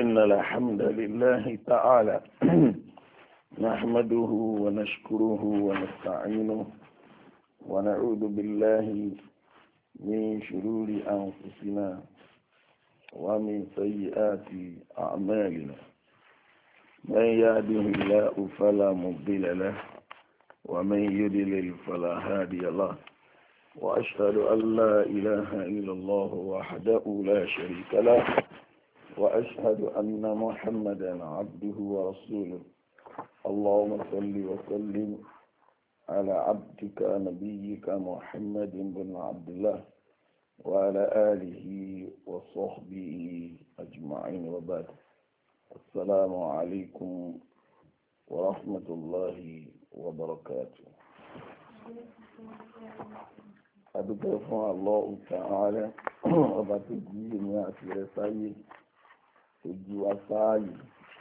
إن الحمد لله تعالى نحمده ونشكره ونستعينه ونعوذ بالله من شرور أنفسنا ومن سيئات أعمالنا من يهده الله فلا مضل له ومن يضلل فلا هادي له وأشهد أن لا إله إلا الله وحده لا شريك له وأشهد أن محمدا عبده ورسوله اللهم صل وسلم على عبدك نبيك محمد بن عبد الله وعلى آله وصحبه أجمعين وبعد السلام عليكم ورحمة الله وبركاته أدعو الله تعالى وبعد الدين يأتي ojú wa sáàyè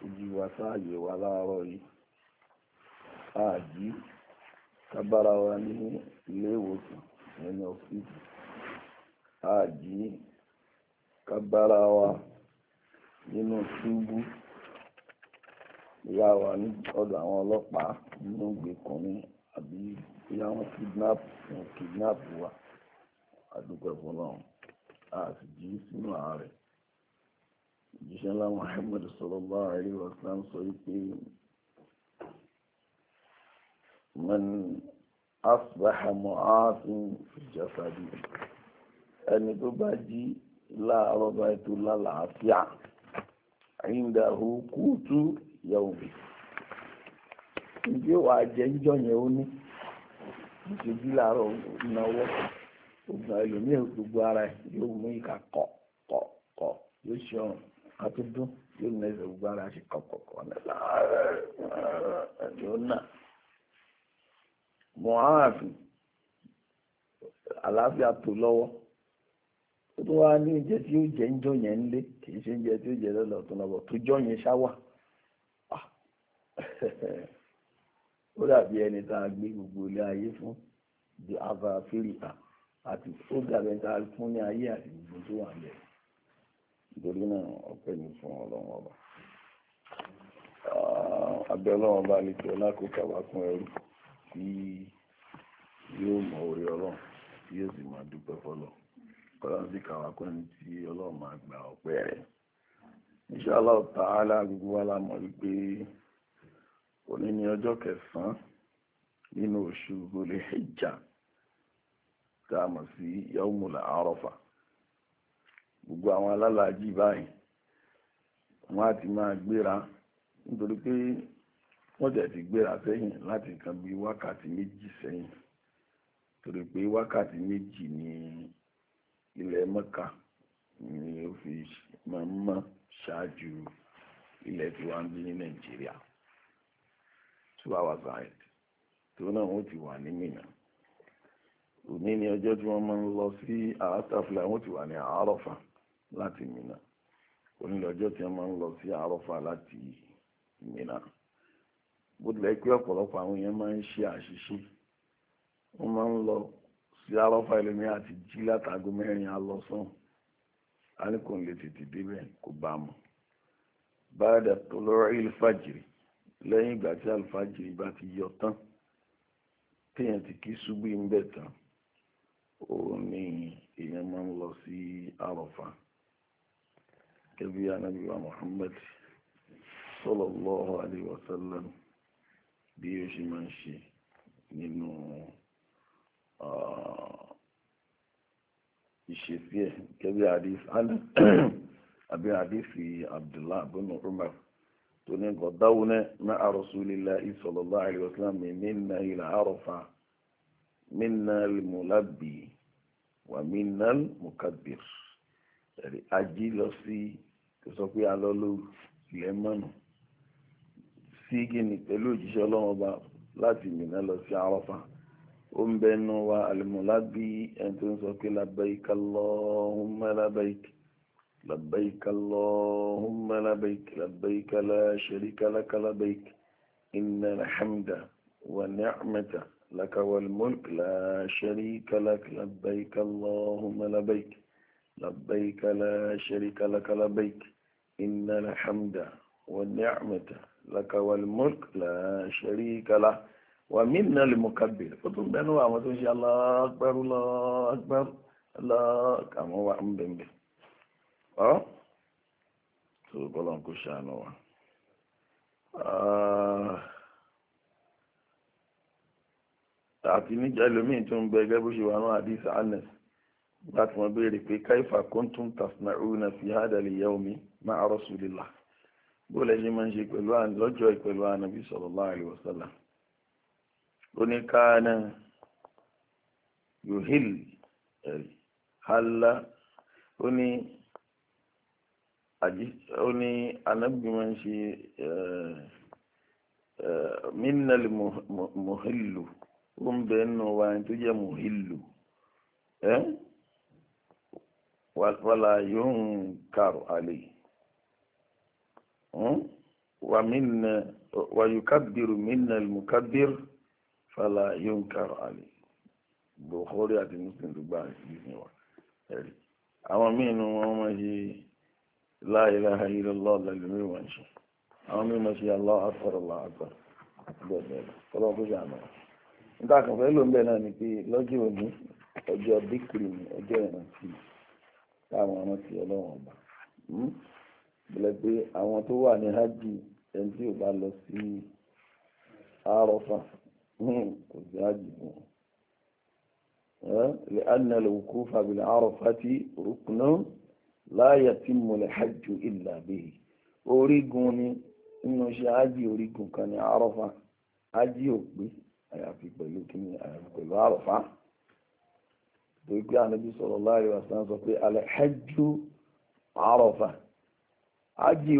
ojú wa sáàyè wa láàárọ̀ yìí àjí kábára wa ní ilé ìwòsàn nínú ọ́fíìsì àjí kábára wa nínú túbú ìyá wa ní ọ̀dọ̀ àwọn ọlọ́pàá nínú ìgbèkùnrin àbí ìyá wọn kidnap wọn wa àdúgbò ẹ̀fọ́ náà àti jí sínú àárẹ̀. òjíṣẹ́ ńlá Muhammad sallallahu alaihi wasallam sọ wípé man asbaha mu'afin fi jasadi ẹni tó bá jí láàárọ̀ bá ètò lálàáfíà indahu qutu yawmi ìdí wà jẹ́ ń jọ yẹn ó ní ìṣèjì láàárọ̀ ìnáwó ògbà ẹlòmíràn gbogbo ka àti dún yóò ní ẹsẹ̀ gbogbo ara ṣe kọ̀kọ̀kọ̀ ní láàárẹ̀ ọ̀nà mọ̀háàfì àlàáfíà tó lọ́wọ́ ó tún wá ní oúnjẹ tí ó jẹ ń jọ yẹn ń lé kì í ṣe oúnjẹ tí ó jẹ lọ́lọ́ tó lọ́wọ́ tó jọ yẹn ṣáwà ah. ó dàbí ẹni tá a gbé gbogbo ilé ayé fún the avafirika àti ó dàbí ẹni tá a fún ní ayé àti gbogbo tó wà ń bẹ̀rẹ̀ nítorí náà ọpẹ́ ní fún ọlọ́run ọba ah, abẹ́ ọlọ́run ọba lè tẹ ọlákòókà wá fún ẹrú tí yóò mọ orí ọlọ́run tí yóò sì máa dúpẹ́ fọlọ́ kọ́lọ́run sì kà wá kún ẹni tí ọlọ́run máa gba ọpẹ́ rẹ̀ inshallah ta'ala gbogbo wa la mọ̀ wípé òní ni ọjọ́ kẹsàn-án nínú oṣù Dhul Hijjah tá a mọ̀ sí yawmul Arafah. gbogbo àwọn alálàájì báyìí wọ́n á ti máa gbéra nítorí pé wọ́n jẹ̀ ti gbéra sẹ́yìn láti nǹkan bí wákàtí méjì sẹ́yìn torí pé wákàtí méjì ni ilẹ̀ mọ́ka ni ó fi máa ń mọ́ ṣáájú ilẹ̀ tí wọ́n ń ní nàìjíríà two hours ahead tó náà wọ́n ti wà ní mìíràn òní ni ọjọ́ tí wọ́n máa ń lọ sí àátàfilà wọ́n ti láti Mínà onílọ́jọ́ tí wọ́n máa ń lọ sí àrọ́fà láti Mínà bó tilẹ̀ pé ọ̀pọ̀lọpọ̀ àwọn èèyàn máa ń ṣe àṣìṣe wọ́n máa ń lọ sí àrọ́fà ẹlẹ́mí àti jí látago mẹ́rin alọ́sàn á ní kò lè tètè débẹ̀ kò bá mọ̀ báyọ̀dà tó lọ́rọ̀ ìlfàjìrì lẹ́yìn ìgbà tí àlùfàjìrì bá ti yọ tán téèyàn ti kí ṣubú ń bẹ̀ tán òun ni èèyàn máa ń lọ sí àrọ́fà. كبي نبي محمد صلى الله عليه وسلم bí ó ṣe máa ń ṣe nínú ìṣesí ẹ̀ gẹ́gẹ́ bí hadith àbí hadith Abdullah ibn Umar tó ní gọ̀dáwọ́nẹ́ ma'a Rasulillahi sallallahu alaihi wasallam minna ila Arafa minna al-mulabbi wa minna al-mukabbir. ají lọ sí kò sọ pé a lọ lóru ilẹ̀ mọ́nà sí gíní pẹ̀lú òjíṣẹ́ ọlọ́run ọba láti Mínà lọ sí Àrọ́fà ó ń bẹnu wa àlùmọ́lábí ẹni tó ń sọ pé labbaik Allahumma labbaik labbaik Allahumma labbaik labbaik la sharika laka labbaik innal hamda wa ni'mata laka wal mulk la لبيك لا شريك لك لبيك إن الحمد والنعمة لك والملك لا شريك له ومن المكبر فتم بأنواع ما شاء الله أكبر الله أكبر الله كما هو عم بمبه أه تقول لهم كشانوا آه تعطيني جعل مين تنبغي بشي وانو حديث عنس nígbà tí wọ́n béèrè pé káífà kóńtùm tasna'una fi hádàlì yaomi ma'a rasulillah bó lẹ́yìn máa ń ṣe pẹ̀lú lọ́jọ́ ìpẹ̀lú ànàbí sallallahu alaihi wasallam ó ní káánà yohil halla ó ní ó ní ànàbí máa ń ṣe minnal muhillu ó ń bẹ̀ẹ́ nù wa tó jẹ́ muhillu ẹ́ wàlá yóò ń kàrò àlè wàyùkàbìrù mínà mùkàbìr fàlà yóò ń kàrò àlè Bukhari àti Muslim ló gbà ní wa ẹ̀rí àwọn mínú wọn mọ̀ sí la ilaha illallah lẹ́lẹ́mí wọn ṣe àwọn mínú sí Allah akbar Allah akbar bẹ́ẹ̀ tọ́lọ́kú sí àmà ló ń bẹ̀ náà ni pé lọ́jọ́ òní ọjọ́ bíkìrì ọjọ́ ìrántí káwọn rántí ọlọ́run ọba hmm? bẹ̀rẹ̀ pé àwọn tó wà ní hajj ẹni tí ò bá lọ sí àrọ́fà hmm, kò sí hajj fún لأن الوقوف بالعرفة ركن لا يتم الحج إلا به orígun ni nínú iṣẹ́ hajj orígun kan ní àrọ́fà hajj ò pé àyàfi pẹ̀lú kíní àyàfi pẹ̀lú àrọ́fà. tó gbé ànábì sallallahu alaihi wasallam sọ pé al-hajju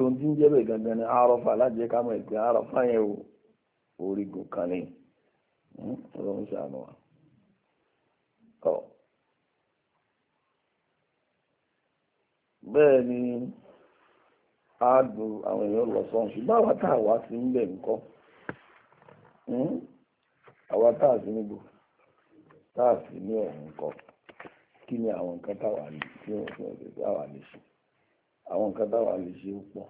ohun tí ń jẹ́ bẹ́ẹ̀ gangan ni àrọ̀fà lájẹ́ ká mọ̀ ìpín hmm, àrọ̀fà a dùn àwọn èèyàn lọ sọ́hún ṣùgbọ́n àwa tá a wá sí hmm, nǹkan kí ni àwọn nǹkan táwa lè tí wọ́n fún ọ̀sẹ̀ táwa lè ṣe àwọn nǹkan táwa lè ṣe ó pọ̀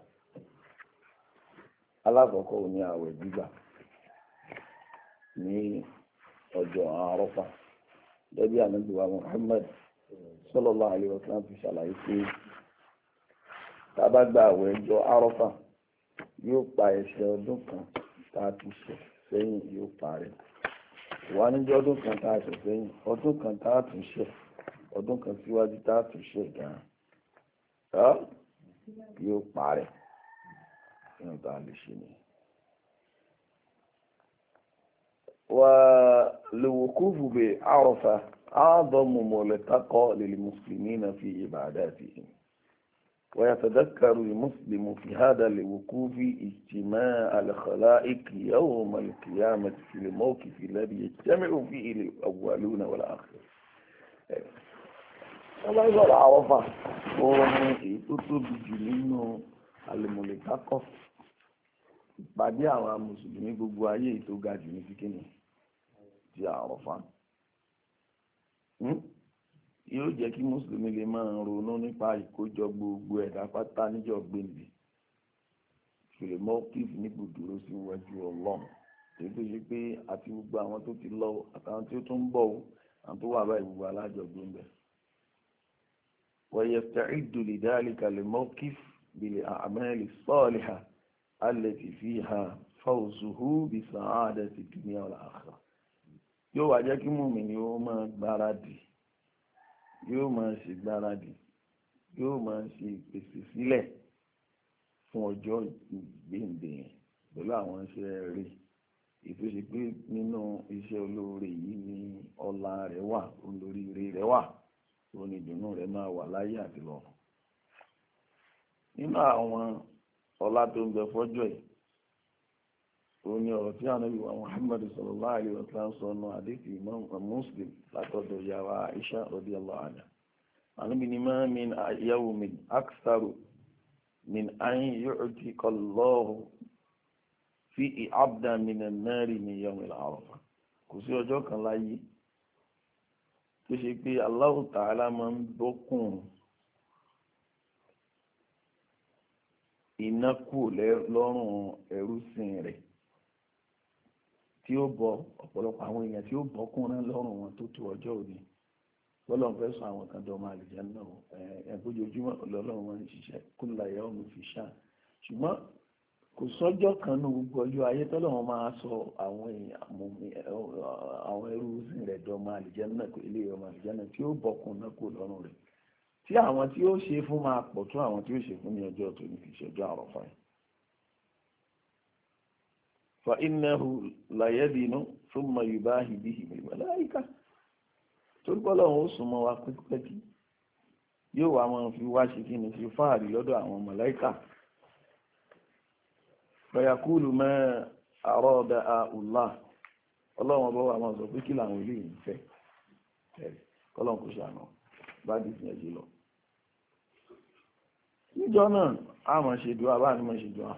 alákọ̀ọ́kọ́ ò ní àwẹ̀ gbígbà ní ọjọ́ ànágbèwà sallallahu alaihi fi ṣàlàyé pé tá bá gba àwẹ̀ yóò pa ẹ̀ṣẹ̀ ọdún kan tá a ti ṣe sẹ́yìn yóò parẹ́ wà níjọ́ ọdún kan tá a ọdún kan síwájú tá a tún ṣe gan ọ yóò parẹ́ nínú tá a lè ṣe ni. wà lùwòkúfù bè àròfà أعظم ملتقى للمسلمين في عباداتهم ويتذكر المسلم في هذا الوقوف اجتماع الخلائق يوم القيامة في الموقف الذي يجتمع فيه الأولون والآخرون ọlọ́sọ̀rọ̀ àwọ̀fà òun ni èyí tó tóbi jù nínú àlùmọ̀lẹ́kákọ́ ìpàdé àwọn mùsùlùmí gbogbo ayé tó ga jù ní síkínì ti àwọ̀fà hmm? yóò jẹ́ kí mùsùlùmí lè máa ronú nípa ìkójọ gbogbo ẹ̀dá pátá níjọ́ gbèǹdì ṣùlẹ̀ mọ́kìf níbù dúró síwájú ọlọ́run èyí tó ṣe pé àti gbogbo àwọn tó ti lọ àtàwọn tí ó tún ń bọ̀ àwọn tó wà báyìí gbogbo alájọ gbèǹdì ويستعد لذلك الموقف بالأعمال الصالحة التي فيها فوزه بسعادة الدنيا والآخرة yóò wá jẹ́ kí mùmínì ó máa gbáradì yóò máa ṣe gbáradì yóò máa ṣe ìpèsè sílẹ̀ fún ọjọ́ ìgbéǹde pẹ̀lú àwọn iṣẹ́ rẹ̀ ètò ṣe nínú iṣẹ́ olóore yìí ni ọlá rẹ̀ wà olóríire rẹ̀ wà. òun ni ìdùnnú rẹ̀ máa wà láyé àti lọ́run nínú àwọn ọlá tó ń bẹ fọ́jọ́ ẹ̀ ni ọ̀rọ̀ tí ànábì wa Muhammad sallallahu alaihi wa sallam sọ nù látọ̀dọ̀ Aisha radiyallahu anha ànábì ni máa fi kò sí ọjọ́ kan láyé tó ṣe pé Allahu Ta'ala máa ń bọ́kùn iná kúrò lọ́rùn ẹrú sìn rẹ̀ tí ó bọ ọ̀pọ̀lọpọ̀ àwọn èèyàn tí ó bọ́kùnrin lọ́rùn wọn tó tó ọjọ́ òní lọ́lọ́run fẹ́ sọ àwọn kan dọ́ máa lè jẹ́ náà ẹ̀ẹ́dójoojúmọ́ lọ́lọ́run wọn ṣiṣẹ́ kó láyé ọmọ fi ṣáà ṣùgbọ́n kò sọ́jọ́ kan ní gbogbo ayé tọ́lọ́run máa sọ àwọn rẹ̀ dọmọ àlìjẹ́nà ilé ọmọ tí ó bọ̀kùn náà kò lọ́rùn rẹ̀ tí àwọn tí ó ṣe fún máa pọ̀ tó àwọn tí ó ṣe fún ní ọjọ́ tó ní ìṣẹ́jọ́ àrọ̀fà yìí. fa innahu layadinu thumma yubahi torí wa pẹ́kípẹ́kí yóò wá fi wá ṣe kí ni fi fáàrí lọ́dọ̀ ọlọ́run ọba wa máa sọ pé kí làwọn ilé yìí ń fẹ́ ẹ̀rí kọ́lọ́n kò ṣàánú bá dì sí ẹ̀jẹ̀ lọ. níjọ́ náà a máa ṣe dùá bá a ní máa ṣe dùá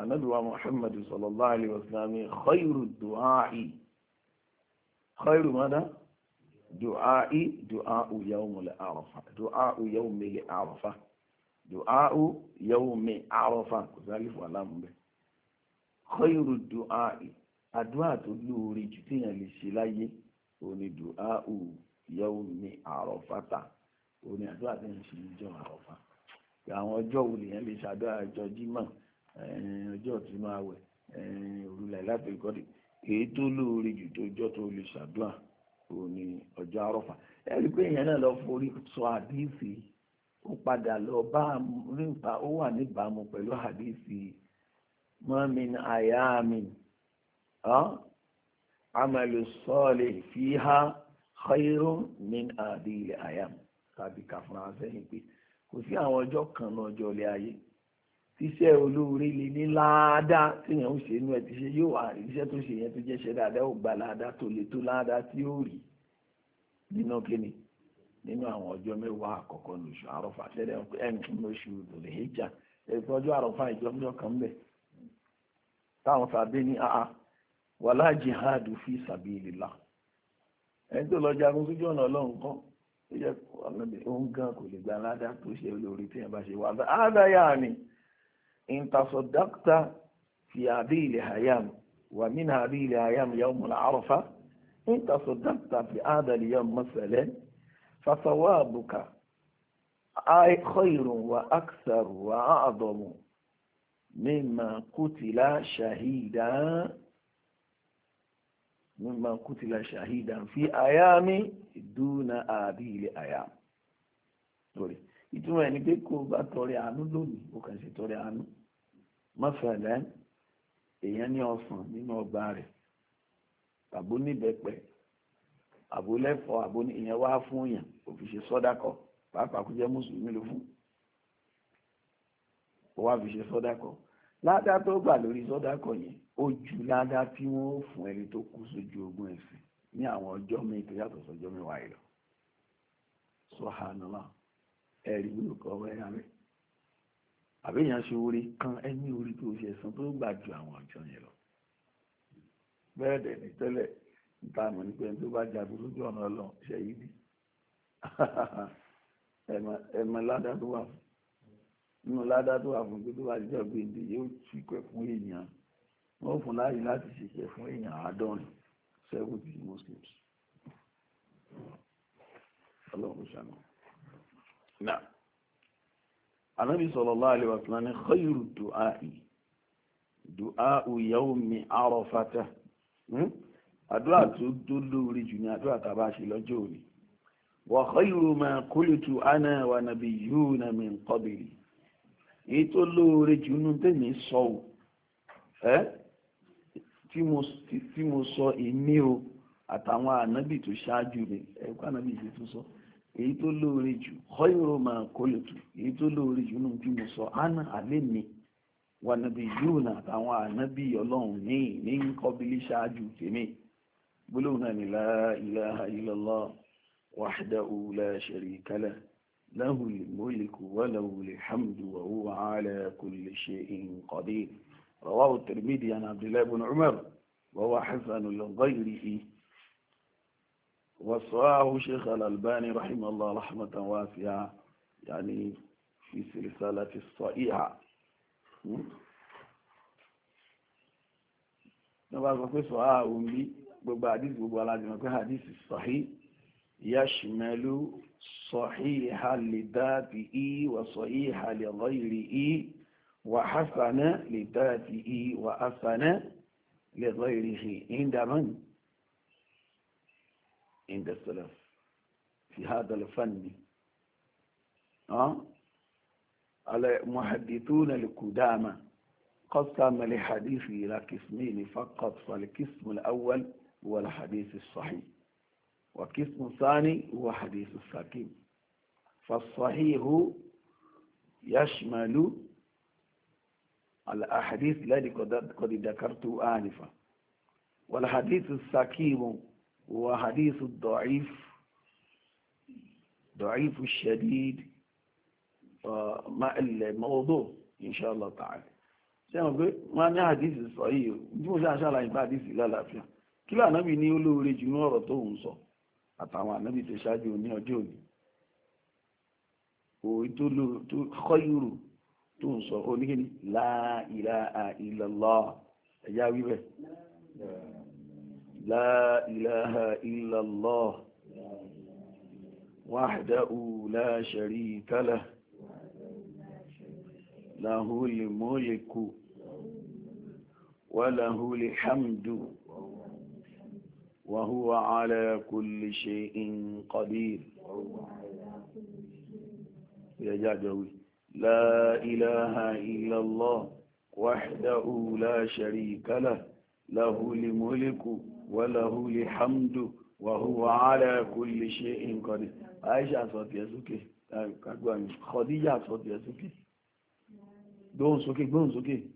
ànábì wa Muhammad sallallahu alaihi wasallam khayru du'a'i khayru mada du'a'i du'a'u yawmil arafa du'a'u yawmil arafa du'a'u yawmi arafa kò sálífù aláàmú bẹ́ẹ̀ khayru du'a'i àdúrà tó lóore jù téèyàn lè ṣe láyé òní dùá ò yẹ́wò ní àròfátà òní àdúrà téèyàn ṣe níjọ́ àròfà àwọn ọjọ́ wo lèèyàn lè ṣàdúrà ọjọ́ jímọ̀ ọjọ́ ìtúnú àwẹ̀ òrùlẹ̀ láti ìkọ́dé èyí tó lóore jù tó ọjọ́ tó lè ṣàdúrà òní ọjọ́ àròfà ẹ̀rí pé èèyàn náà lọ forí sọ àdíìsì ó padà lọ bá ó wà níbàámu pẹ̀lú àdíìsì mọ́min àyámin amalu salih fiha khairun min adi ilẹ̀ ayam tàbí kàfúnra sẹ́yìn pé kò sí àwọn ọjọ́ kan náà ọjọ́ ilé ayé tíṣẹ́ olóore lè ní láàdá téèyàn ó ṣe inú ẹ̀ tíṣẹ́ yóò wà rí iṣẹ́ tó ṣe yẹn tó jẹ́ṣẹ́ dáadáa ó gba láàdá tó lè tó láàdá tí ó rí nínú kíni nínú àwọn ọjọ́ mẹ́wàá àkọ́kọ́ lóṣù àrọ́fà tẹ́lẹ̀ ẹ̀ǹkì lóṣù lòlẹ̀ híjà ẹ̀sọ́ ọjọ́ àrọ́fà ìjọ mẹ́wàá kan bẹ̀ táwọn sàbẹ̀ ní àá wàlá jihadu fi sabilillah ẹni tó lọ jagun sójú ọ̀nà ọlọ́run kan ó jẹ́ òun gan kò lè gba aládá tó ṣe olórí tí yẹn bá ṣe wà ádáyà ni intasodakta fi hadhihi al-ayyam wa min hadhihi al-ayyam yawm al-arafa intasodakta fi hadha al-yawm masalan fasawabuka khairun wa akthar wa a'zamu mimma qutila shahidan mímọ kútìlá ṣàhídà fi àyà mi dúnà àbí ilé àyà lórí ìtumọ̀ ẹni pé kó o bá tọrẹ àánú lónìí o kàn ṣe tọrẹ àánú mọ́sàlẹ́ èèyàn ní ọ̀sán nínú ọgbà rẹ̀ tàbó níbẹ̀pẹ̀ àbólẹ́fọ̀ àbó ìyẹn wá fún yàn kò fi ṣe sọ́dákọ̀ pàápàá kó jẹ́ mùsùlùmí ló fún kó wá fi ṣe sọ́dákọ̀ ládàá tó gbà lórí sọ́dákọ̀ yẹn ó ju ládá tí wọ́n ó fún ẹni tó kú sójú ogun ẹ̀sìn ní àwọn ọjọ́ míì tó yàtọ̀ sọjọ́ mẹ́wàá yìí lọ sọ́hánàlá ẹ̀rí wúlò kọ́ wẹ́rẹ́ rẹ̀ àbíyàn ṣe orí kan ẹni orí tó ṣe ẹ̀sán tó gbà ju àwọn ọjọ́ yẹn lọ bẹ́ẹ̀ dẹ̀ ní tẹ́lẹ̀ níta àmọ́ ní pé ẹni tó bá jagun lójú ọ̀nà ọlọ́run ṣe yí bí ẹ̀mọ ládá tó wà fún nínú ládá tó wà fún pé tó bá jẹ́ ọ̀gbìn wọ́n fún láàyè láti ṣiṣẹ́ fún èèyàn àádọ́rin seventy muslims ọlọ́run ṣàmì náà anábì sallallahu alaihi wasallam ní khayru du'a'i du'a'u yawmi arafata hmm? àdúrà tó tó lóore jù ní àdúrà tàbá ṣe lọ́jọ́ òní wa khayru ma qultu ana wa nabiyyuna min qabli èyí tó lóore jù nù tẹ̀mí sọ́ọ̀ ẹ́ tí mo sọ èmi o àtàwọn ànábì tó ṣáájú rẹ̀ ẹ̀kọ́ ànábì yìí tó sọ èyí tó lóore jù khayru ma qultu èyí tó lóore jù nínú tí mo sọ ana àlẹ́ mi wà nàbí yóò nà àtàwọn ànábì ọlọ́run ní ní kọ́bílí ṣáájú tèmi gbólóhùn náà ni la ilaha illallah wahdahu la sharika lah lahul mulku wa lahul hamdu wa huwa ala kulli shay'in qadir. رواه الترمذي عن عبد الله بن عمر وهو حسن لغيره وصاه شيخ الألباني رحمه الله رحمة واسعة يعني في سلسلة الصائعة نبغى نقول صاه أمي ببعديس ببعلاج نقول حديث الصحيح يشمل صحيح لذاته وصحيح لغيره وحسن لذاته وحسن لغيره عند من عند السلف في هذا الفن أه؟ المحدثون القدامى قسم الحديث إلى قسمين فقط فالقسم الأول هو الحديث الصحيح والقسم الثاني هو حديث السكين فالصحيح يشمل الأحاديث التي قد ذكرت آنفا والحديث السكيم هو حديث الضعيف ضعيف الشديد مع الموضوع إن شاء الله تعالى sẹ́wọ̀n pé wọ́n ní àdísì sọ yìí bí mo ṣe àṣàlàyé bá àdísì lálàáfíà kí lànàbì ní olóore jù ní ọ̀rọ̀ tó ń sọ àtàwọn ànàbì tó ṣáájú ní ọjọ́ òní òun tó lóore tó kọ́ yúrù tó ń sọ oníkíní la ilaha illallah ẹ̀yà wíwẹ̀ la ilaha illallah wahdahu la sharika lah lahul mulku wa lahul hamdu wa huwa ala kulli shay'in qadir ẹ̀yà jẹ́ àjọ wí لا إله إلا الله وحده لا شريك له له لملك وله لحمد وهو على كل شيء قدير عائشة صوت يسوكي خديجة صوت يسوكي دون سوكي دون سوكي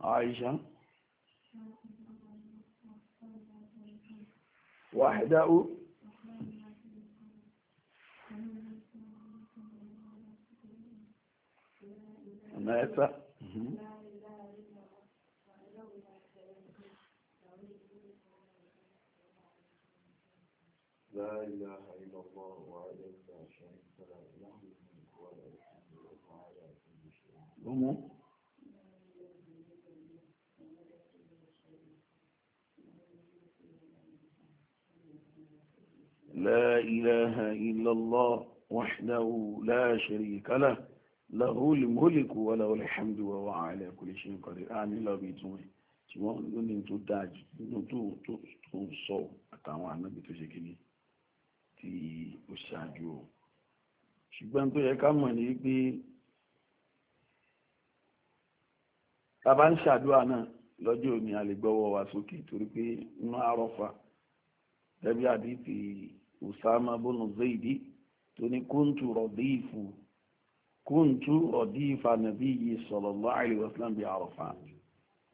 عائشة وحده ما يدفع لا إله إلا الله وعليه لا شريك له له الملك وله الحمد وهو على كل شيء لا إله إلا الله وحده لا شريك له له الملك وله الحمد وهو على كل شيء قدير àmì lọ́bí tún ẹ̀ tí wọ́n ló ní tó dájú nínú tó ń sọ àtàwọn ànábì tó ṣe kìíní tí ó ṣáájú o ṣùgbọ́n tó yẹ ká mọ̀ ní pé bàbá ń ṣàdúrà náà lọ́jọ́ òní a lè gbọ́wọ́ wa sókè torí pé nínú àrọ́fà gẹ́gẹ́ bí àdìtì أسامة بن زيد توني كنت رديف كنت رديف النبي صلى الله عليه وسلم بعرفات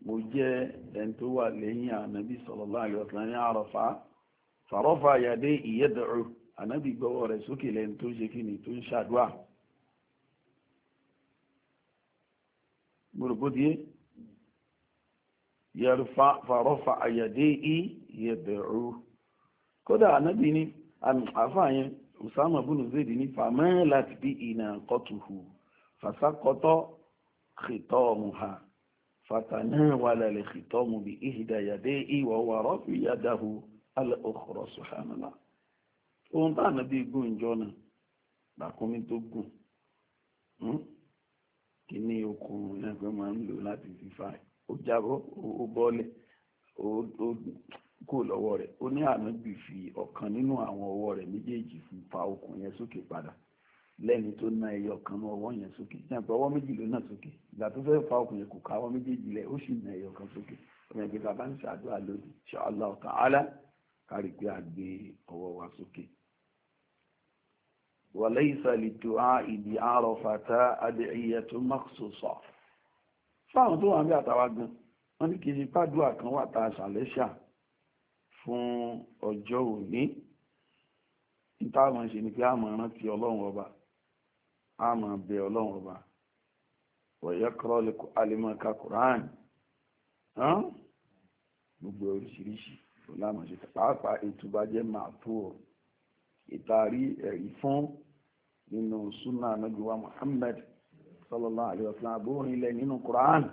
mo jẹ́ ẹni tó wà lẹ́yìn ànábì sallallahu alaihi wasallam ní àràfà fàrọ́fà àyàdé ìyẹ́dẹ̀rù ànábì gore suki sókè lẹ́ni tó ṣe kíni tó ń ṣàdúà gbòrògbòdìé fàrọ́fà àyàdé ìyẹ́dẹ̀rù kódà ànábì àfà yẹn Usama bùnú zèdè ní fàmẹ́ láti bí ìnà kọ́tùhù fàṣàkọ́tọ́ kìtọ́ ọ̀mù ha fàtànà wàlẹ̀ kìtọ́ ọ̀mù bí ìhìdàyàdé ìwọ̀ wàrọ̀ fi yàdáhù alẹ́ òkúrọ̀ sùhánàlá ohun tá ànábì gùn ìjọ náà làkúnmí tó gùn hmm? kí ní okùn náà máa ń lò láti fi fa ó jábọ́ ó bọ́lẹ̀ ó kò lọ́wọ́ rẹ̀ ó ní ànábì fi ọ̀kan nínú àwọn ọwọ́ rẹ̀ méjèèjì fún fa okùn yẹn sókè padà lẹ́ni tó ná ẹyọ kan ní ọwọ́ yẹn sókè ní àpò ọwọ́ méjì ló náà sókè ìgbà tó fẹ́ fa okùn yẹn kò ká ọwọ́ méjèèjì lẹ̀ ó sì ná ẹyọ kan sókè ọmọ ẹgbẹ́ bàbá ń ṣàdúrà lónìí insha Allah ta'ala kárí pé a gbé ọwọ́ wa sókè. walaysa liddu'a'i bi Arafata ad'iyatu makhsusa fáwọn tó wà ń bí àtàwà gan wọn ní kì í ṣe pàdúrà kan wà tá a ṣàlẹ́ṣà fún ọjọ́ òní táwọn ṣe ni pé àmọ́ rántí ọlọ́run ọba àmọ́ bẹ ọlọ́run ọba wọ̀yẹ́ kọ́rọ́ lè kó hàn gbogbo oríṣiríṣi lámọ̀ṣe pàápàá ìtúbà jẹ́ máa tó o ẹ̀rí fún nínú súnà anábíwá Muhammad sallallahu alaihi wasallam abóhùn ilẹ̀ nínú kùránì.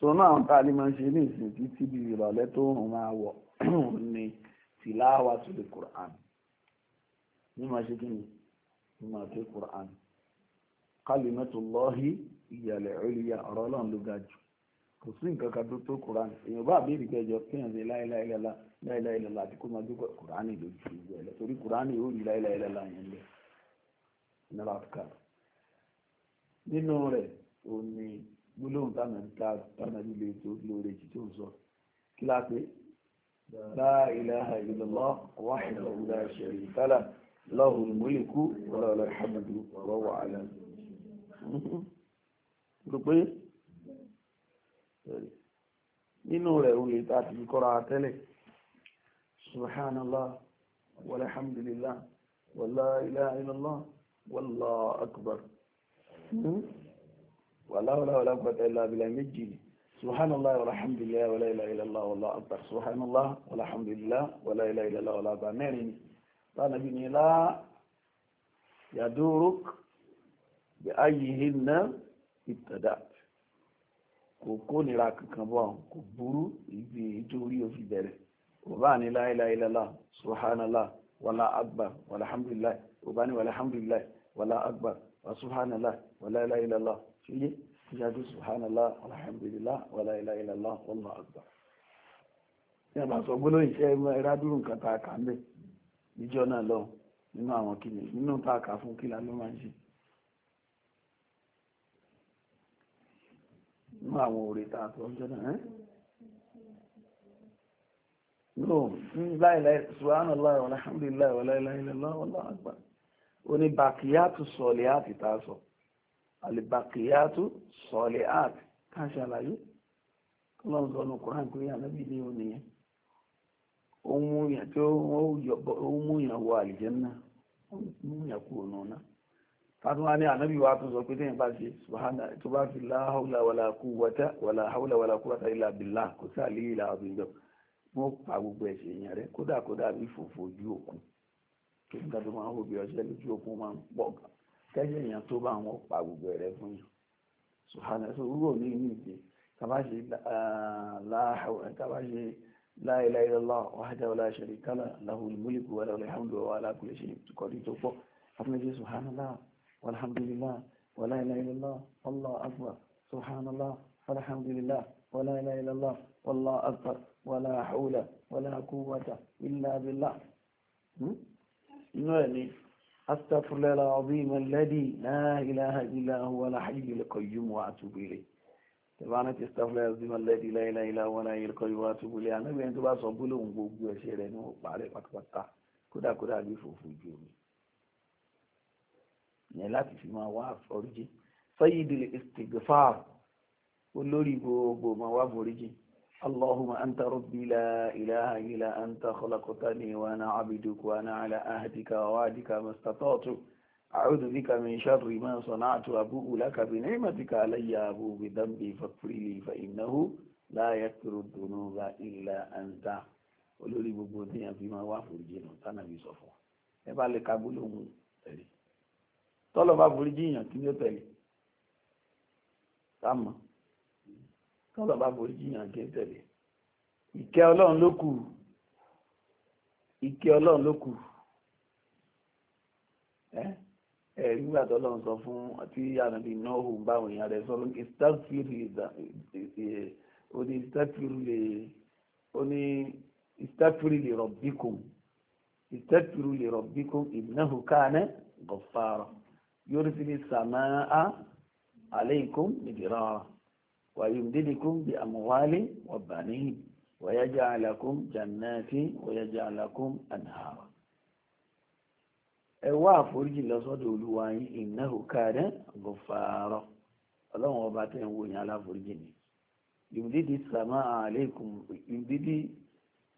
so náà tá a lè máa ṣe ní ìsìn tí tíbi ìrọ̀lẹ́ tó rùn máa wọ̀ ní tìláwà tó lè Qur'an ní máa ṣe kí ni ní máa ké Qur'an kalimatullahi ìyàlẹ̀ òlìyà ọ̀rọ̀ ọlọ́run ló ga jù kò sí nǹkan kan tó tó Qur'an èèyàn bá àbí ìrìkẹ́ ìjọ kéèyàn sí láìláìlẹ́lá láìláìlẹ́lá àti kó máa gbé Qur'an lójú ìjọ torí Qur'an yóò rí láìláìlẹ́lá yẹn lẹ̀ nínú rẹ̀ òní gbólóhùn tánàbí lè tó lóore jù tó ń sọ kí láti la ilaha illallah wahdahu la sharika lah lahul mulku wa lahul hamdu wa huwa ala rò pé nínú rẹ̀ olè tàbí kọ́ra tẹ́lẹ̀ subhanallah walhamdulillah wa la ilaha illallah wallahu akbar wàláwàláwàlá gbọ́dọ̀ ilẹ̀ abilẹ̀ méjì subhanallah alhamdulillah wàlá ilẹ̀ ilẹ̀ allah wàlá akbar subhanallah alhamdulillah wàlá ilẹ̀ ilẹ̀ allah wàlá akbar mẹ́rin tánàbí ni lá yaduruk bí ayé hinna ìtàdá kò kó nira kankan bọ́ kò burú ibi ìtorí òfin bẹ̀rẹ̀ òbá ni lá ilẹ̀ ilẹ̀ allah subhanallah wàlá akbar wàlá alhamdulillah wàlá alhamdulillah wàlá akbar wàlá ilẹ̀ ṣíyé ìyájú subhanallah alhamdulillah wàlá ilá ilàlá wàlá àgbà ní àbá sọ gbóló iṣẹ́ ẹ̀rádùrù nǹkan tá a kà ń bẹ̀ níjọ́ náà lọ nínú àwọn kìnnì nínú tá a kà fún kílà ló máa ń ṣe nínú àwọn òrè tá a tọ́ ọjọ́ náà ẹ́ no láìláì subhanallah walhamdulillah wala ilaha illallah wallahu akbar oní bàkìyà tó sọ lè àti tá alìbàkìyàtú sọ̀lẹ̀ art kan ṣàlàyé kọlọ́n sọ ní kùrán pé ànábì ní òun nìyẹn ohun múyàn tí ó múyàn wọ àlìjẹ́nà múyàn kú òun náà fàtúwá ní ànábì wa tó sọ pé tẹ́yìn bá ṣe subhana tó bá fi la hawla wala quwwata wala hawla wala quwwata illa billah kò sí àlè ìlà ọ̀bìn jọ wọ́n pa gbogbo ẹ̀ṣẹ̀ èèyàn rẹ kódà kódà bí fòfò ojú òkun tó ń gbàdúrà wọn ò bí ọṣẹ lójú òkun máa ń pọ̀ gan kẹ́sì èèyàn tó bá wọn pa gbogbo ẹ̀rẹ́ fún yìí ṣùgbọ́n ṣe rúrò ní inú ìdí tàbáṣe láàáwẹ̀ tàbáṣe la ilaha illallah wahdahu la sharika lahu lahul mulku wa lahul hamdu wa ala kulli shay'in qadir tó pọ̀ afúnlẹ́jẹ́ subhanallah walhamdulillah wa la ilaha illallah wallahu akbar subhanallah walhamdulillah wa la ilaha illallah wallahu akbar wa la hawla wa la quwwata أستغفر العظيم الذي لا إله إلا هو الحي القيوم وأتوب إليه tẹ̀bánà ti stafla azima lẹ́dí láìlá ilá wọn ayé kọ́ ìwà àtúbulẹ̀ ànábì ẹni tó bá sọ gbólóhùn gbogbo ẹ̀ṣẹ̀ rẹ̀ ní ọ̀pá rẹ̀ pátápátá kódàkódà bí fòfò ju omi yẹn láti fi máa wá àforíjì sayyidul istighfar olórí gbogbo máa wá àforíjì اللهم أنت ربي لا إله إلا أنت خلقتني وأنا عبدك وأنا على أهدك ووعدك ما استطعت أعوذ بك من شر ما صنعت أبوء لك بنعمتك علي أبوء بذنبي فاغفر لي فإنه لا يغفر الذنوب إلا أنت olórí gbogbo téèyàn fi máa wá foríjì nù tánàbí sọ fún ẹ bá lè ka gbólóhùn tẹ̀lé tọ́lọ́ bá foríjì kí ni ó tẹ̀lé tá a tọ́lọ̀ bá forí jìyàn kí n tẹ̀lé ìkẹ́ ọlọ́run ló kù ìkẹ́ ọlọ́run ló kù ẹ́ ẹ̀ nígbà tó lọ́run sọ fún àti ànàbì náà hù báwọn èèyàn rẹ̀ sọ ló ní ìstáfìrì ó ní ìstáfìrì lè ó ní ìstáfìrì lè rabbikum ìstáfìrì lè rabbikum innahu kana ghaffara yursilis samaa alaykum midrara. ويمددكم بأموال وبنين ويجعل لكم جنات ويجعل لكم أنهار. ẹ wá àforíjì lọ́sọ́dọ̀ olúwa yín innahu kana ghaffara ọlọ́run ọba tẹ́ ń wò yín aláforíjì ni yumdidi sàmà àlékún yumdidi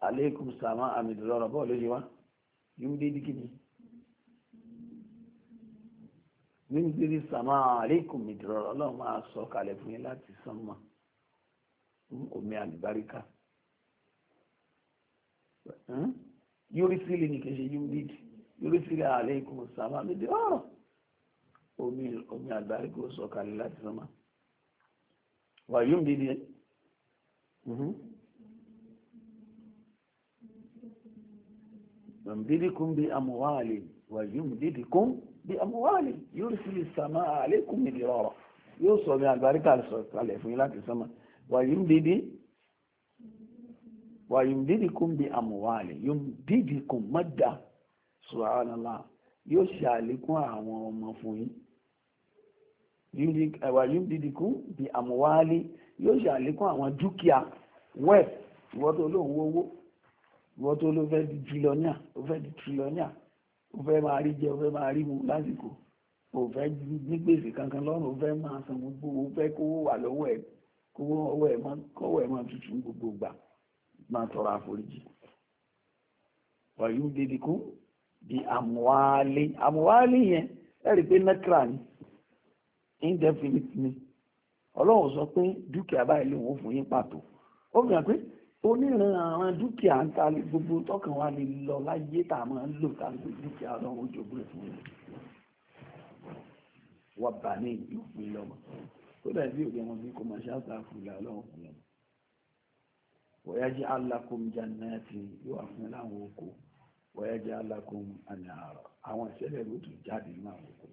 àlékún sàmà àmìdìrọ̀rọ̀ bọ́ọ̀lù yìí wá yumdidi kìíní ní nítorí sàmà àríkùn mìtìrọ̀ ọlọ́run máa sọ kalẹ̀ fún yín láti sánmà omi àlùbáríkà hmm? yóò sílé ní kẹsẹ̀ yóò nídì yóò sílé àríkùn omi àlùbáríkà sọ kalẹ̀ láti sánmà wà yóò nídì yamdidikum bi amwali wa yumdidikum bí amúhálì yóò sì lè sàmà àlékún mi rọrọ yóò sọ mi àgbáríkà sọ kalẹ̀ fún yín láti sánmà wàyí ń dídí wàyí ń dídí kún bí amúhálì yóò ń dídí kún mọ́dà sùhánàlá yóò ṣe àlékún àwọn ọmọ fún yín wàyí ń dídí kún bí amúhálì yóò ṣe àlékún àwọn dúkìá wẹ́ẹ̀ ìwọ́n tó lóun owó ìwọ́n tó ló fẹ́ di trilọ́níà ó fẹ́ di trilọ́níà ó fẹ́ máa rí jẹ ó fẹ́ máa rí mu lásìkò ó fẹ́ ní gbèsè kankan lọ́rùn ó fẹ́ máa san gbogbo ó fẹ́ kówó wà lọ́wọ́ ẹ̀ kówó ọwọ́ ẹ̀ mọ́ kọ́wọ́ ẹ̀ mọ́ tutù gbogbo gbà máa tọrọ àforíjì wàyú dedikú di àmúwálé àmúwálé yẹn ẹ̀rí pé nẹ́kírà ni indefinite ni ọlọ́run sọ pé dúkìá báyìí lòun ò fún yín pàtó ó fi hàn pé oníran àwọn dúkìá ń ta gbogbo tọkàn wa lè lọ láyé tá a máa ń lò tá a lè dúkìá ọlọ́run ojogún rẹ̀ fún mi wà bà ní ìlú fún ìlọ́mọ tó dà bí òde wọn bí kò máa ṣáàtà fúlà ọlọ́run fún wọn wọ̀yájí alákòm jannati yóò wà fún láwọn oko wọ̀yájí alákòm ànàrọ̀ àwọn ìṣẹ̀lẹ̀ ló tún jáde ní àwọn oko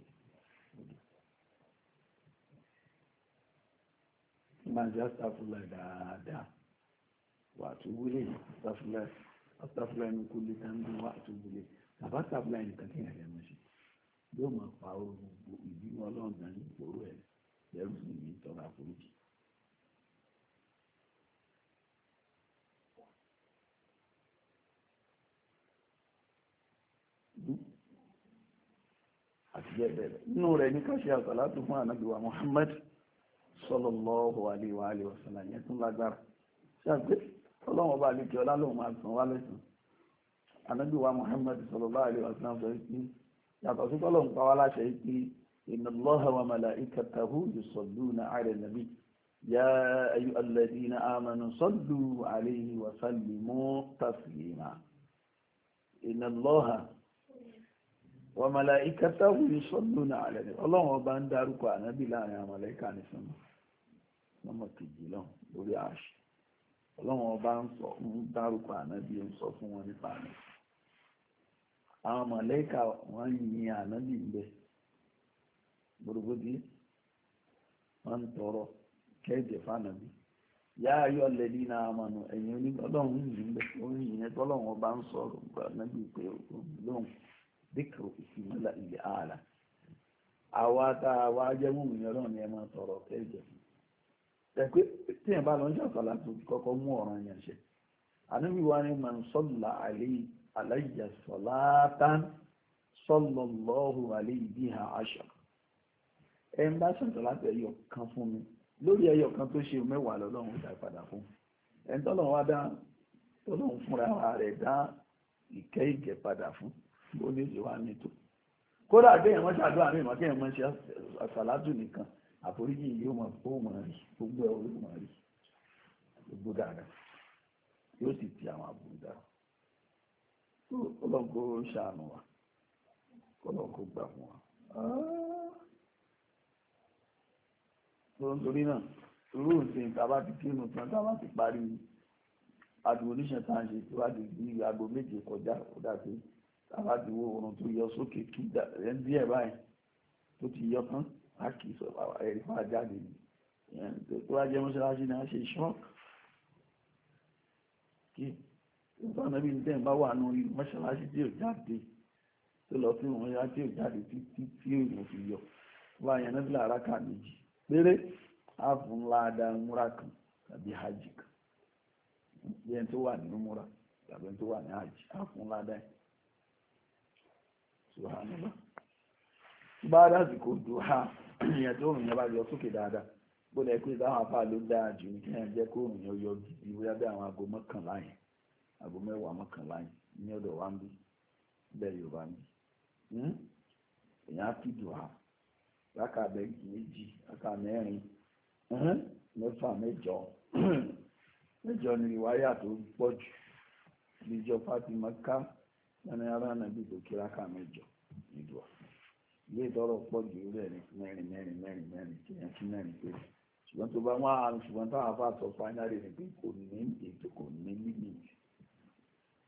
máa ṣáàtà fúlà dáadáa وأتوب إليه أستغفر أستغفر من كل ذنب وأتوب إليه bàbá tàbílà nìkan kí ẹ̀rẹ̀ mọ́ ṣe yóò máa pa oòrùn ìbínú ọlọ́run náà ní ìpòrò ẹ̀ lẹ́rù sí ìmí tọrọ àforíjì. àti bẹ́ẹ̀ bẹ́ẹ̀ lọ nínú rẹ̀ ní káṣí àsàlátù fún ànábìwá Muhammad sallallahu alaihi wa alihi wa sallam yẹn tún lágbára ṣáà pé ọlọ́run bá lókè ọlá lòun máa sàn wá lẹ́sàn anábì wa muhammad sallallahu alaihi wasallam sọ pé yàtọ̀ sí tọ́lọ́run pa wá láṣẹ pé inna allaha wa malaikatahu yusalluna ala nabi ya ayyuhal ladina amanu sallu alaihi wa sallimu taslima inna allaha wa malaikatahu yusalluna ala nabi ọlọ́run ọba ń dárúkọ ọlọ́run ọba ń sọ ń dárúkọ ànábì ń sọ fún wọn nípa àná àwọn mọ̀lẹ́kà wọ́n yin ànábì ń bẹ wọ́n ń tọrọ kẹ́ẹ̀jẹ̀ fànàbí yá ayọ́ lẹ́dí náà àmọ̀nù ẹ̀yìn onígbọ́lọ́run yìí ń bẹ orí ọba ń pé ìfìmọ́lá àwa tá a wá jẹ́ mú mi ọlọ́run ni tọrọ pé tí ẹ̀ bá lọ ń ṣe àsàlá tó kọ́kọ́ mú ọ̀ràn yẹn ṣe ànábì wa ni man salla alayya salatan sallallahu alayhi biha ashar ẹ̀ ń bá ṣàtàlá tó ẹyọ kan fún mi lórí ẹyọ kan tó ṣe mẹ́wàá lọ́lọ́run dá padà fún ẹ̀ ń tọ́lọ́run wá dá tọ́lọ́run fúnra rẹ̀ dá ìkẹ́ ìgẹ̀ padà fún ó ní ìwà nítò kódà bẹ́ẹ̀ wọ́n mí àforíjì yóò mọ̀ ó mọ̀ rí gbogbo ẹ̀ ó mọ̀ rí gbogbo dáadáa yóò sì ti àwọn àbúrú dára ọlọ́gbọ́ ṣàánú wa ọlọ́gbọ́ gbà fún wa torí náà irú òsìn tàbá ti kírù tán tàbá ti parí adùn oníṣẹ́ tàà ń ṣe ìwádìí ní aago méje kọjá kódà pé tàbá ti wo oòrùn tó yọ sókè kí ẹ̀ ń díẹ̀ báyìí tó ti yọ tán a kì sọ bàbá fún àjáde ni tó wá jẹ́ a ṣe ṣọ́ọ̀k kí ìtọ́nà bí tẹ́ bá wà nù mọ́ṣáláṣí tí ò jáde tó lọ fún mọ́ṣáláṣí tí ò jáde títí tí fi yọ wá yẹn náà ara méjì péré á fún kan tàbí hajj kan yẹn tó wà nínú múra tàbí tó wà ní hajj ha. ìyẹn tó òrùn yẹn bá yọ sókè dáadáa bó lẹ pé táwọn afá ló dáa jù ní jẹ́ kó yẹn yọ bóyá bí àwọn aago mọ́kànlá yẹn aago mẹ́wàá mọ́kànlá yẹn ní ọ̀dọ̀ wa ń bí bẹ́ẹ̀ yorùbá ń bí hmm? èèyàn á méjì mẹ́rin hmm? mẹ́fà mẹ́jọ mẹ́jọ ni ìwáyà ilé ìtọ́rọ̀ pọ̀ jù rẹ̀ ní mẹ́rin mẹ́rin mẹ́rin mẹ́rin tí yẹn sí mẹ́rin pé ṣùgbọ́n tó bá wọ́n á ṣùgbọ́n táwọn afá sọ fáínárì ni pé kò ní ètò kò ní límìtì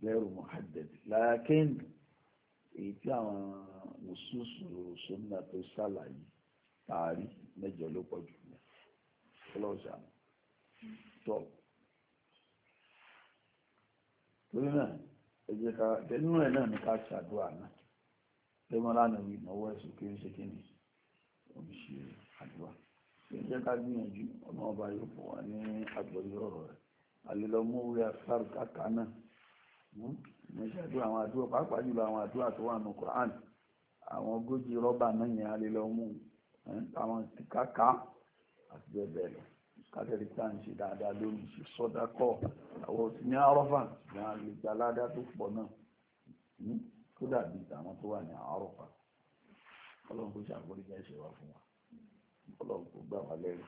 lẹ́rù muhaddad lákín èyí tí àwọn òṣùṣù sọ́nà tó ṣàlàyé tààrí mẹ́jọ ló pọ̀ jù lọ ọlọ́ọ̀ṣà tọ́ torí náà ẹ̀jẹ̀ ká nínú ẹ̀ náà ni ká ṣàdúrà náà lẹ́mọ́ lánàá yìí náwó ẹ̀sùn kí ó ṣe kí ni ó ń ṣe àdúrà ṣe ń jẹ́ ká gbìyànjú ọmọ ọba yóò fún wa ní àgbọ̀yé ọ̀rọ̀ rẹ̀ àlelọ́mú orí afárù kàkà náà mo ṣàdúrà àwọn àdúrà pàápàá jùlọ àwọn àdúrà tó wà ní Quran àwọn ogójì rọ́bà náà yẹn àlelọ́mú àwọn kàkà àti bẹ́ẹ̀ lọ kájẹ̀rí tá à ń ṣe dáadáa lórí ṣe sọ́dákọ̀ àwọn ní arọ́fà ní àlejò aládá tó pọ̀ náà hmm? kó dàbí àwọn tó wà ní Àrọ́fà ọlọ́run kó ṣàkórí jẹ́ ṣe wá fún wa ọlọ́run kó gbà wá lẹ́rù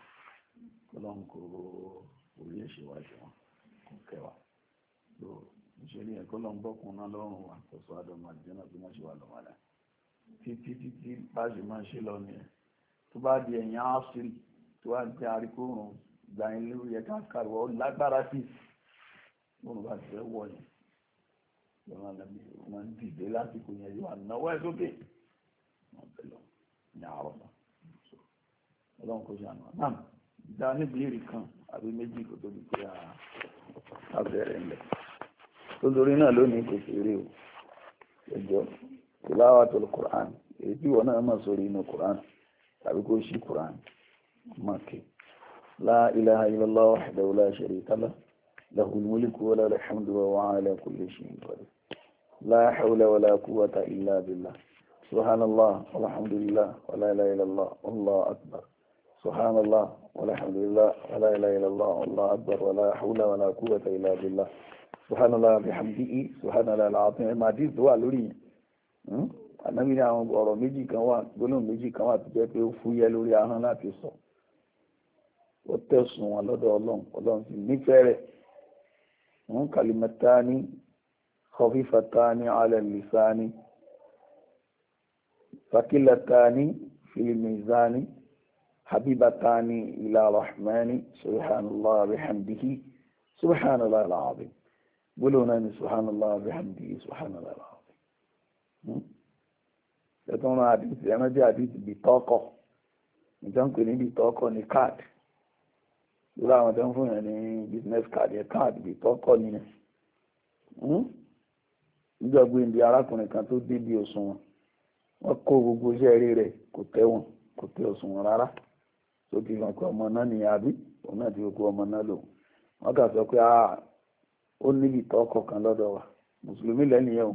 ọlọ́run kó orí ẹ̀ṣẹ̀ wá ṣe wọn kò kẹwàá tó ìṣẹ̀lẹ̀ ẹ̀kọ́ lọ́n bọ́kùn náà lọ́rùn wa tó sọ àdọ́mọ àdìjẹ́ náà bí wọ́n ṣe wà lọ́wọ́ rẹ̀ títí títí bá ṣe máa ṣe lọ nìyẹn tó bá di ẹ̀yìn áṣírí tó wá jẹ́ àríkórùn gbà yín lórí ẹ̀ka kàrọ̀ lágbára sí i bọ́n bá ti fẹ́ wọ̀ yẹn lọ́wọ́ nàbí wọ́n dìde lásìkò yẹn yóò náwó ẹ̀ sókè wọ́n bẹ̀ lọ ní àárọ̀ náà ọlọ́run kò ṣàánú náà dá níbi ìrì kan àbí méjì kò tó di pé a bẹ̀rẹ̀ ńlẹ̀ tó torí náà lónìí kò sí eré o ẹjọ́ tìláwà tó kùrán èyí tí wọ́n náà mọ̀ sórí inú kùrán tàbí kó ṣí kùrán mọ̀kì la ilaha illallah wahdahu la sharika له الملك وله الحمد وهو على كل شيء قدير لا حول ولا قوة إلا بالله سبحان الله والحمد لله ولا إله إلا الله والله أكبر سبحان الله والحمد لله ولا إله إلا الله والله أكبر ولا حول ولا قوة إلا بالله سبحان الله بحمده سبحان الله العظيم ما دي دعاء لوري Ànábì ní àwọn ọ̀rọ̀ méjì kan wà gbólóhùn méjì kan wà tó jẹ́ pé ó fúyẹ́ lórí ahọ́n láti sọ ó tẹ̀sùn wọn lọ́dọ̀ Ọlọ́run Ọlọ́run كلمتان خفيفتان على اللسان ثقيلتان في الميزان حبيبتان إلى الرحمن سبحان الله بحمده سبحان الله العظيم قولوا سبحان الله بحمده سبحان الله العظيم تتونا حديث أنا جاء حديث بطاقة نتنقل بطاقة نكات irú àwọn tó ń fún yàn ní business card yẹn káàdì bí tọ́kọ̀ nìyẹn hmm? níjọba ìdí arákùnrin kan tó débi òṣùwọ̀n wọ́n kó gbogbo iṣẹ́ eré rẹ̀ kò tẹ́wọ̀n kò tẹ́ òṣùwọ̀n rárá tó ti hàn pé ọmọ náà nìyẹn àbí òun náà ti kó ọmọ náà lò wọ́n kà sọ pé ó níbi tọ́kọ̀ kan lọ́dọ̀ wa mùsùlùmí lẹ́nu yẹn o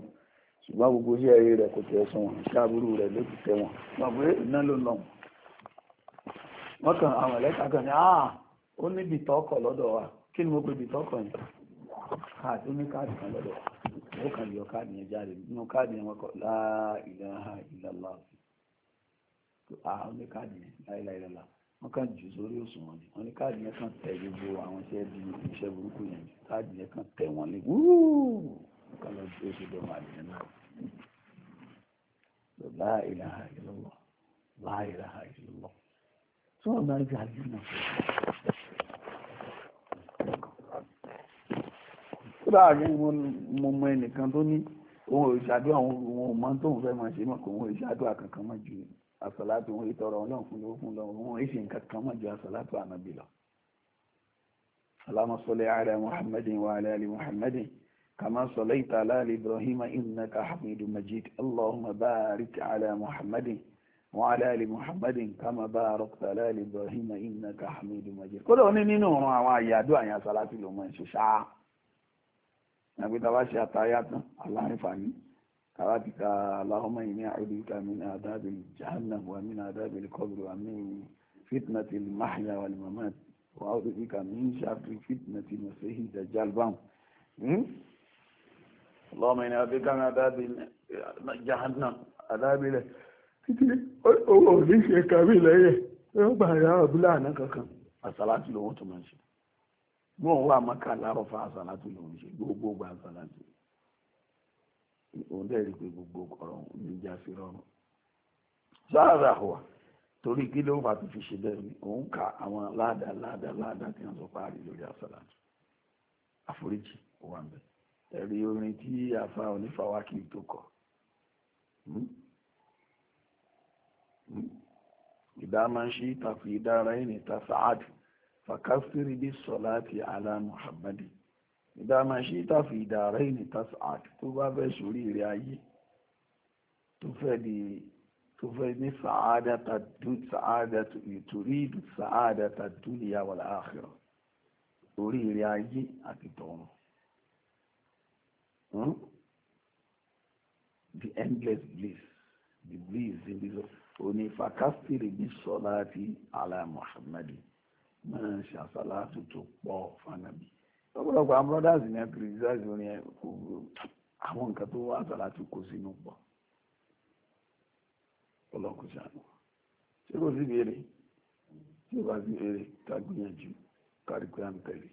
ṣùgbọ́n gbogbo iṣẹ́ eré rẹ̀ kò tẹ́ òṣùwọ̀n ṣáàbùrù rẹ̀ ló ti tẹ́wọ̀n wọ́n pé iná ló nà kàn àwọn ẹ̀lẹ́ta kan ní ó ní bìtọ́kọ̀ lọ́dọ̀ wa kí ni mo pe bìtọ́kọ̀ yẹn àti ní káàdì kan lọ́dọ̀ ó kàn yọ káàdì yẹn jáde nínú káàdì yẹn wọ́n kọ̀ la ilaha ní káàdì yẹn la wọ́n kàn jù sórí òṣùwọ̀n ni wọ́n ní káàdì yẹn kàn tẹ gbogbo àwọn iṣẹ́ bí iṣẹ́ burúkú yẹn káàdì yẹn kàn tẹ wọ́n lé wúúú kàn lọ sí oṣù sọ́ọ̀nà ìjà jùlọ láàrin mo mọ ẹnìkan tó ní ohun ìṣàdúrà àwọn ohun ọmọ tó ń fẹ́ máa ṣe mọ̀ kò ohun ìṣàdúrà kankan mọ̀ ju àsàlátù ohun ìtọrọ ọlọ́run fún lọ́wọ́ fún lọ́wọ́ ohun ìṣe nǹkan kan mọ̀ ju àsàlátù ànábì lọ. Allahumma salli ala Muhammadin wa ala ali Muhammadin kama sallaita ala Ibrahima innaka Hamidum Majid Allahumma barik ala Muhammadin. وعلى آل محمد كما باركت على آل إبراهيم إنك حميد مجيد كل ó ní nínú ọ̀run àwọn يا àyàn sàlátì إن شاء نبي تواش يا تايات الله a bá ṣe اللهم إني أعوذ بك من عذاب الجهنم ومن عذاب القبر ومن فتنة المحيا والممات وأعوذ بك من شر فتنة المسيح الدجال بام اللهم إني أعوذ بك من عذاب جهنم عذاب títí owó òní ṣe kan rí lẹ́yẹ̀ yóò gbà rẹ̀ ọ̀bílà àná kankan àsálátì lówó tó máa ń ṣe bí òun wà mọ́kà láàárọ̀ fa àsálátì lòun ṣe gbogbo gba àsálátì òun dẹ́rì pé gbogbo ọ̀rọ̀ níjà sí rọrùn sáàrà wà torí kí ló fà tó fi ṣe bẹ́ẹ̀ ni òun ka àwọn ládàá ládàá ládàá tí wọ́n sọ páàrí lórí àsálátì àforíjì wà ń bẹ̀ ẹ̀rí orin tí àfa onífàwákì tó kọ̀ hmm? ìdáma ṣí tàfi ìdára ẹni tàfàád fàkásírì bí sọláti àlá muhammadi ìdáma ṣí tàfi ìdára ẹni tàfàád tó bá fẹ́ sórí rẹ̀ ayé tó fẹ́ di tó fẹ́ ní ìtòrídù sàádàtà dúnìyà wal akhirah orí rẹ̀ ayé àti tọ̀run hmm? the endless bliss the bliss in this world òní fakastiri bí sọláàtì ala muhammadi máa ṣàṣàlátù tó pọ̀ fanabi lọ́pọ̀lọpọ̀ àwọn brothers ní akérèdíṣàṣì orin kò àwọn nǹkan tó wá ṣàlátù kó sínú pọ̀ ọlọ́kùn ṣàánú ṣé kò sí béèrè tí ó bá sí béèrè ká gbìyànjú káríkúlámù tẹ̀lé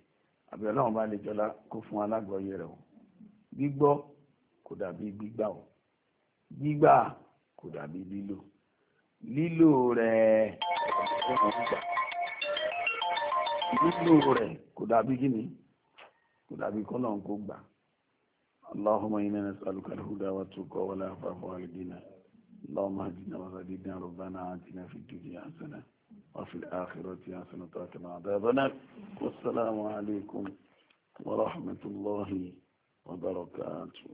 àbí ọlọ́run kò dàbí gbígbà o gbígbà kò dàbí lílò lílò rẹ̀ lílò rẹ̀ kò dàbí gíní kò dàbí kọ́nà kó gbà اللهم إنا نسألك الهدى والتقى والعفاف والغنى اللهم اهدنا وسددنا ربنا آتنا في الدنيا حسنة وفي الآخرة حسنة وقنا عذاب النار والسلام عليكم ورحمة الله وبركاته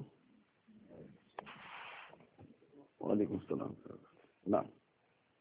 وعليكم السلام نعم